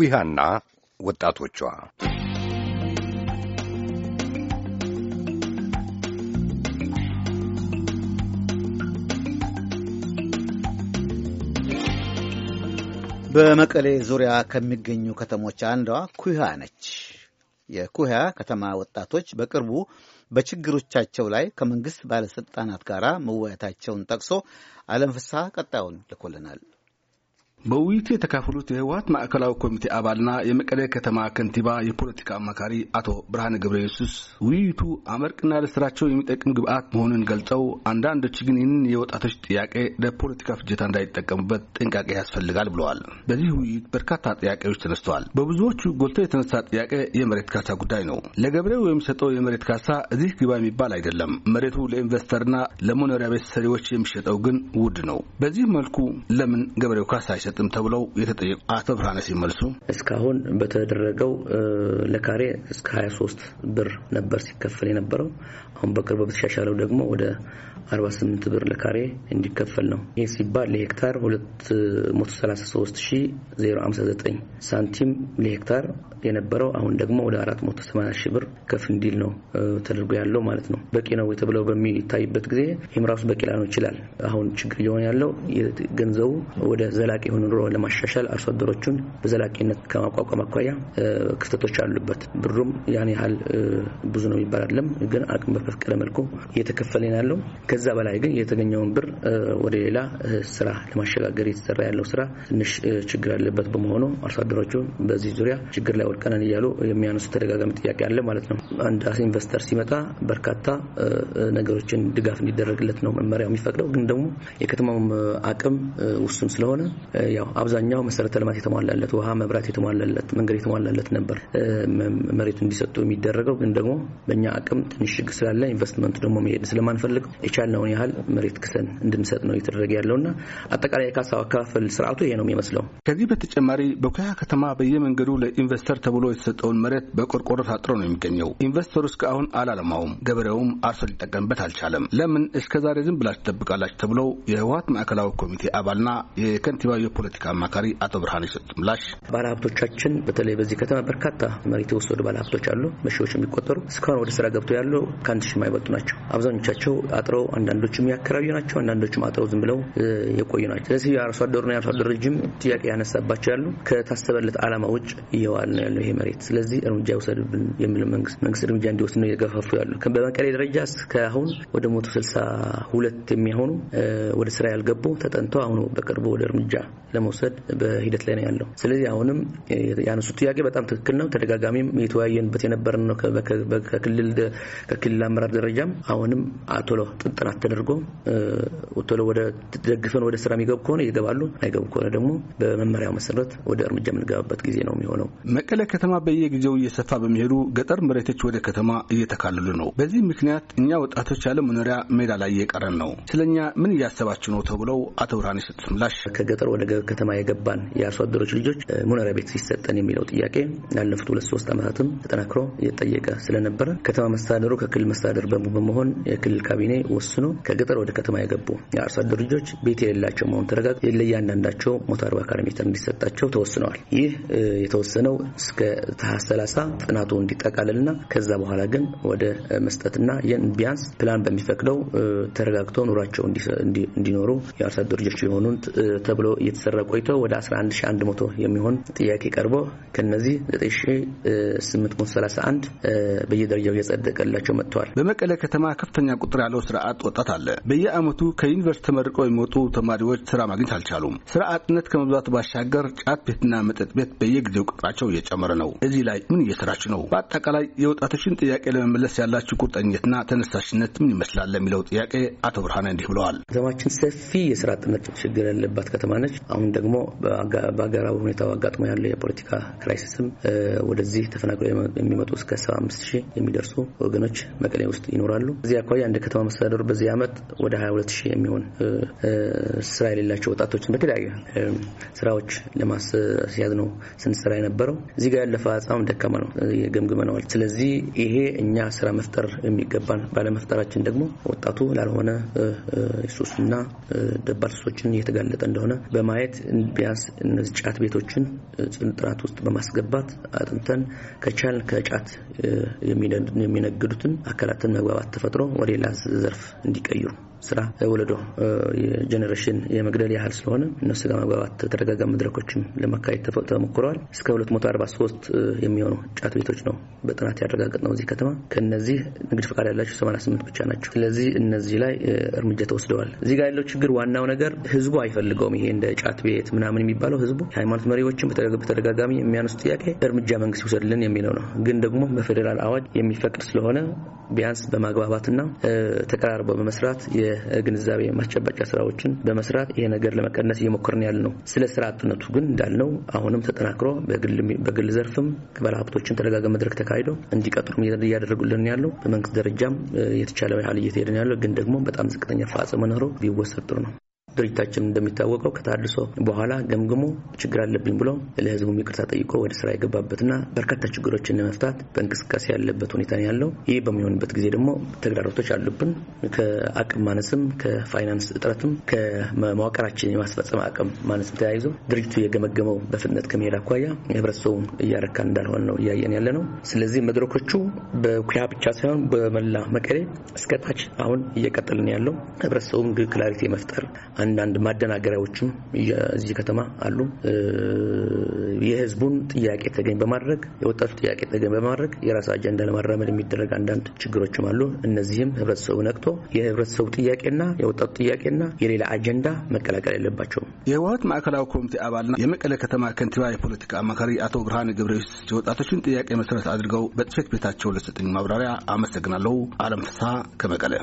ኩያና ወጣቶቿ በመቀሌ ዙሪያ ከሚገኙ ከተሞች አንዷ ኩያ ነች። የኩያ ከተማ ወጣቶች በቅርቡ በችግሮቻቸው ላይ ከመንግሥት ባለሥልጣናት ጋር መወያየታቸውን ጠቅሶ ዓለም ፍስሐ ቀጣዩን ልኮልናል። በውይይቱ የተካፈሉት የህወሀት ማዕከላዊ ኮሚቴ አባልና የመቀሌ ከተማ ከንቲባ የፖለቲካ አማካሪ አቶ ብርሃነ ገብረ ኢየሱስ ውይይቱ አመርቅና ለስራቸው የሚጠቅም ግብአት መሆኑን ገልጸው አንዳንዶች ግን ይህንን የወጣቶች ጥያቄ ለፖለቲካ ፍጀታ እንዳይጠቀሙበት ጥንቃቄ ያስፈልጋል ብለዋል። በዚህ ውይይት በርካታ ጥያቄዎች ተነስተዋል። በብዙዎቹ ጎልቶ የተነሳ ጥያቄ የመሬት ካሳ ጉዳይ ነው። ለገበሬው የሚሰጠው የመሬት ካሳ እዚህ ግባ የሚባል አይደለም። መሬቱ ለኢንቨስተርና ለመኖሪያ ቤት ሰሪዎች የሚሸጠው ግን ውድ ነው። በዚህ መልኩ ለምን ገበሬው ካሳ አይሰጥም ተብለው የተጠየቁ አቶ ብርሃነ ሲመልሱ እስካሁን በተደረገው ለካሬ እስከ 23 ብር ነበር ሲከፈል የነበረው። አሁን በቅርቡ በተሻሻለው ደግሞ ወደ 48 ብር ለካሬ እንዲከፈል ነው። ይህ ሲባል ለሄክታር 233059 ሳንቲም ለሄክታር የነበረው አሁን ደግሞ ወደ 480 ብር ከፍ እንዲል ነው ተደርጎ ያለው ማለት ነው። በቂ ነው ተብለው በሚታይበት ጊዜ ይህም ራሱ በቂ ላይሆን ይችላል። አሁን ችግር እየሆነ ያለው ገንዘቡ ወደ ዘላቂ የሆነ ኑሮ ለማሻሻል አርሶ አደሮቹን በዘላቂነት ከማቋቋም አኳያ ክፍተቶች አሉበት። ብሩም ያን ያህል ብዙ ነው የሚባል አይደለም፣ ግን አቅም በፈቀደ መልኩ እየተከፈለን ያለው ከዛ በላይ ግን የተገኘውን ብር ወደ ሌላ ስራ ለማሸጋገር እየተሰራ ያለው ስራ ትንሽ ችግር ያለበት በመሆኑ አርሶ አደሮቹ በዚህ ዙሪያ ችግር ላይ ወድቀነን እያሉ የሚያነሱ ተደጋጋሚ ጥያቄ አለ ማለት ነው። አንድ ኢንቨስተር ሲመጣ በርካታ ነገሮችን ድጋፍ እንዲደረግለት ነው መመሪያው የሚፈቅደው። ግን ደግሞ የከተማውም አቅም ውሱን ስለሆነ ያው አብዛኛው መሰረተ ልማት የተሟላለት ውሃ፣ መብራት የተሟላለት መንገድ የተሟላለት ነበር መሬቱ እንዲሰጡ የሚደረገው። ግን ደግሞ በእኛ አቅም ትንሽ ችግር ስላለ ኢንቨስትመንቱ ደግሞ መሄድ ስለማንፈልግ የቻለ የቻልነውን ያህል መሬት ክሰን እንድንሰጥ ነው እየተደረገ ያለውና አጠቃላይ የካሳ አከፋፈል ስርዓቱ ይሄ ነው የሚመስለው። ከዚህ በተጨማሪ በኩያ ከተማ በየመንገዱ ለኢንቨስተር ተብሎ የተሰጠውን መሬት በቆርቆሮ ታጥሮ ነው የሚገኘው። ኢንቨስተሩ እስካሁን አላለማውም፣ ገበሬውም አርሶ ሊጠቀምበት አልቻለም። ለምን እስከዛሬ ዝም ብላችሁ ትጠብቃላችሁ? ተብለው የህወሀት ማዕከላዊ ኮሚቴ አባልና የከንቲባ የፖለቲካ አማካሪ አቶ ብርሃን የሰጡት ምላሽ ባለሀብቶቻችን በተለይ በዚህ ከተማ በርካታ መሬት የወሰዱ ባለሀብቶች አሉ፣ መሺዎች የሚቆጠሩ እስካሁን ወደ ስራ ገብቶ ያለው ከአንድ ሺህ የማይበልጡ ናቸው። አብዛኞቻቸው አጥረው አንዳንዶቹም የአካባቢው ናቸው፣ አንዳንዶቹም አጠው ዝም ብለው የቆዩ ናቸው። ስለዚህ የአርሶ አደሩና የአርሶ አደር ረጅም ጥያቄ ያነሳባቸው ያሉ ከታሰበለት ዓላማ ውጭ እየዋል ነው ያለው ይሄ መሬት። ስለዚህ እርምጃ ይውሰድብን የሚል መንግስት መንግስት እርምጃ እንዲወስድ ነው እየገፋፉ ያሉ። በመቀሌ ደረጃ እስካሁን ወደ መቶ ስልሳ ሁለት የሚሆኑ ወደ ስራ ያልገቡ ተጠንቶ አሁኑ በቅርቡ ወደ እርምጃ ለመውሰድ በሂደት ላይ ነው ያለው። ስለዚህ አሁንም ያነሱት ጥያቄ በጣም ትክክል ነው። ተደጋጋሚም የተወያየንበት የነበረ ነው ከክልል አመራር ደረጃም አሁንም አቶሎ ጥናት ተደርጎ ቶሎ ወደ ደግፈን ወደ ስራ የሚገቡ ከሆነ ይገባሉ፣ አይገቡ ከሆነ ደግሞ በመመሪያው መሰረት ወደ እርምጃ የምንገባበት ጊዜ ነው የሚሆነው። መቀለ ከተማ በየጊዜው እየሰፋ በሚሄዱ ገጠር መሬቶች ወደ ከተማ እየተካለሉ ነው። በዚህ ምክንያት እኛ ወጣቶች ያለ መኖሪያ ሜዳ ላይ እየቀረን ነው። ስለኛ ምን እያሰባችሁ ነው ተብለው አቶ ብርሃን የሰጡት ምላሽ ከገጠር ወደ ከተማ የገባን የአርሶ አደሮች ልጆች መኖሪያ ቤት ሲሰጠን የሚለው ጥያቄ ያለፉት ሁለት ሶስት ዓመታትም ተጠናክሮ እየጠየቀ ስለነበረ ከተማ መስተዳደሩ ከክልል መስተዳደር በመሆን የክልል ካቢኔ ወስ ወስኖ ከገጠር ወደ ከተማ የገቡ የአርሶ አደር ልጆች ቤት የሌላቸው መሆኑ ተረጋግጦ የለእያንዳንዳቸው ሞቶ 40 ካሬ ሜትር እንዲሰጣቸው ተወስነዋል። ይህ የተወሰነው እስከ ታህሳስ 30 ጥናቱ እንዲጠቃለልና ከዛ በኋላ ግን ወደ መስጠትና ቢያንስ ፕላን በሚፈቅደው ተረጋግቶ ኑሯቸው እንዲኖሩ የአርሶ አደር ልጆች የሆኑን ተብሎ እየተሰራ ቆይቶ ወደ 11100 የሚሆን ጥያቄ ቀርቦ ከነዚህ 9831 በየደረጃው እየጸደቀላቸው መጥተዋል። በመቀለ ከተማ ከፍተኛ ቁጥር ያለው ስርዓት ያጡ ወጣት አለ። በየዓመቱ ከዩኒቨርስቲ ተመርቀው የሚወጡ ተማሪዎች ስራ ማግኘት አልቻሉም። ስራ አጥነት ከመብዛት ባሻገር ጫት ቤትና መጠጥ ቤት በየጊዜው ቁጥራቸው እየጨመረ ነው። እዚህ ላይ ምን እየሰራችሁ ነው? በአጠቃላይ የወጣቶችን ጥያቄ ለመመለስ ያላችሁ ቁርጠኝነትና ተነሳሽነት ምን ይመስላል? ለሚለው ጥያቄ አቶ ብርሃነ እንዲህ ብለዋል። ከተማችን ሰፊ የስራ አጥነት ችግር ያለባት ከተማ ነች። አሁን ደግሞ በአገራዊ ሁኔታው አጋጥሞ ያለው የፖለቲካ ክራይሲስም ወደዚህ ተፈናቅለው የሚመጡ እስከ ሰባ አምስት ሺህ የሚደርሱ ወገኖች መቀሌ ውስጥ ይኖራሉ። እዚህ አኳያ እንደ ከተማ መስተዳደሩ በዚህ ዓመት ወደ 22 ሺህ የሚሆን ስራ የሌላቸው ወጣቶችን በተለያዩ ስራዎች ለማስያዝ ነው ስንሰራ የነበረው። እዚህ ጋር ያለፈ አጻም ደካማ ነው ገምግመነዋል። ስለዚህ ይሄ እኛ ስራ መፍጠር የሚገባን ባለመፍጠራችን ደግሞ ወጣቱ ላልሆነ ሱስና ደባል ሱሶችን እየተጋለጠ እንደሆነ በማየት ቢያንስ እነዚህ ጫት ቤቶችን ጥናት ውስጥ በማስገባት አጥንተን ከቻል ከጫት የሚነግዱትን አካላትን መግባባት ተፈጥሮ ወደ ሌላ ዘርፍ እንዲቀይሩ ስራ ወለዶ የጀኔሬሽን የመግደል ያህል ስለሆነ እነሱ ጋር መግባባት ተደጋጋሚ መድረኮችም ለማካሄድ ተሞክረዋል። እስከ 243 የሚሆኑ ጫት ቤቶች ነው በጥናት ያረጋገጥ ነው እዚህ ከተማ። ከነዚህ ንግድ ፈቃድ ያላቸው 88 ብቻ ናቸው። ስለዚህ እነዚህ ላይ እርምጃ ተወስደዋል። እዚህ ጋር ያለው ችግር ዋናው ነገር ህዝቡ አይፈልገውም። ይሄ እንደ ጫት ቤት ምናምን የሚባለው ህዝቡ የሃይማኖት መሪዎችን በተደጋጋሚ የሚያነሱ ጥያቄ እርምጃ መንግስት ይውሰድልን የሚለው ነው። ግን ደግሞ በፌዴራል አዋጅ የሚፈቅድ ስለሆነ ቢያንስ በማግባባትና ተቀራርበው በመስራት የግንዛቤ ማስጨበጫ ስራዎችን በመስራት ይሄ ነገር ለመቀነስ እየሞከርን ያለ ነው። ስለ ስራ አጥነቱ ግን እንዳልነው አሁንም ተጠናክሮ በግል ዘርፍም ባለሀብቶችን ተደጋገ መድረክ ተካሂዶ እንዲቀጥሉም እያደረጉልን ያለው በመንግስት ደረጃም የተቻለ ያህል እየተሄድን ያለው ግን ደግሞ በጣም ዝቅተኛ ፋጽ መኖሩ ቢወሰድ ጥሩ ነው። ድርጅታችን እንደሚታወቀው ከታድሶ በኋላ ገምግሞ ችግር አለብኝ ብሎ ለህዝቡ ይቅርታ ጠይቆ ወደ ስራ የገባበትና በርካታ ችግሮችን ለመፍታት በእንቅስቃሴ ያለበት ሁኔታ ያለው። ይህ በሚሆንበት ጊዜ ደግሞ ተግዳሮቶች አሉብን። ከአቅም ማነስም፣ ከፋይናንስ እጥረትም፣ ከመዋቅራችን የማስፈጸም አቅም ማነስም ተያይዞ ድርጅቱ የገመገመው በፍጥነት ከመሄድ አኳያ ህብረተሰቡን እያረካ እንዳልሆነ ነው እያየን ያለ ነው። ስለዚህ መድረኮቹ በኩያ ብቻ ሳይሆን በመላ መቀሌ እስከታች አሁን እየቀጠልን ያለው ህብረተሰቡ ክላሪቲ መፍጠር አንዳንድ ማደናገሪያዎችም እዚህ ከተማ አሉ። የህዝቡን ጥያቄ ተገኝ በማድረግ የወጣቱ ጥያቄ ተገኝ በማድረግ የራስ አጀንዳ ለማራመድ የሚደረግ አንዳንድ ችግሮችም አሉ። እነዚህም ህብረተሰቡ ነቅቶ የህብረተሰቡ ጥያቄና የወጣቱ ጥያቄና የሌላ አጀንዳ መቀላቀል የለባቸውም። የህወሀት ማዕከላዊ ኮሚቴ አባልና የመቀለ ከተማ ከንቲባ የፖለቲካ አማካሪ አቶ ብርሃን ገብረስ የወጣቶችን ጥያቄ መሰረት አድርገው በጽህፈት ቤታቸው ለሰጠኝ ማብራሪያ አመሰግናለሁ። አለም ፍስሀ ከመቀለ